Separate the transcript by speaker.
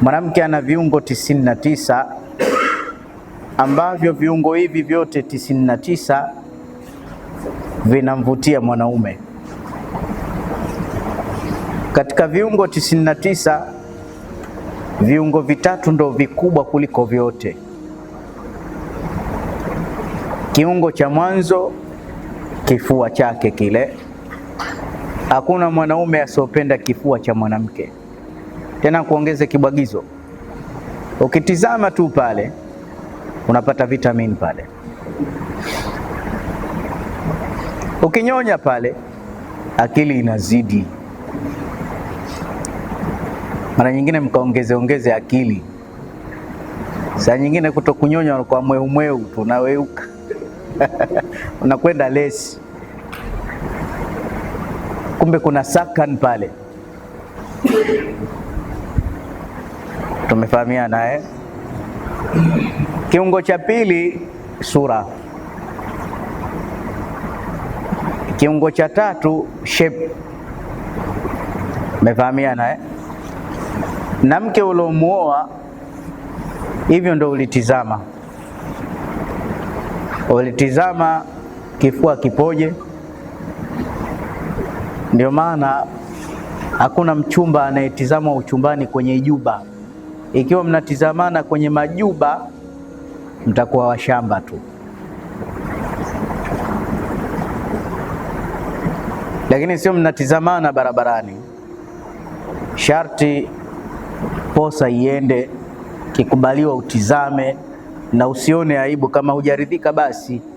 Speaker 1: Mwanamke ana viungo tisini na tisa ambavyo viungo hivi vyote tisini na tisa vinamvutia mwanaume. Katika viungo tisini na tisa viungo vitatu ndo vikubwa kuliko vyote. Kiungo cha mwanzo kifua chake kile. Hakuna mwanaume asiopenda kifua cha mwanamke tena kuongeze kibwagizo. Ukitizama tu pale unapata vitamin pale, ukinyonya pale akili inazidi. Mara nyingine mkaongeze ongeze akili, saa nyingine kuto kunyonya kwa mweumweu tu unaweuka unakwenda lesi, kumbe kuna sakan pale tumefahamiana naye. Kiungo cha pili sura, kiungo cha tatu shape, umefahamia naye. Na mke uliomuoa hivyo ndo ulitizama, ulitizama kifua kipoje. Ndio maana hakuna mchumba anayetizama uchumbani kwenye ijuba ikiwa mnatizamana kwenye majuba, mtakuwa washamba tu, lakini sio mnatizamana barabarani. Sharti posa iende, kikubaliwa utizame na usione aibu. Kama hujaridhika basi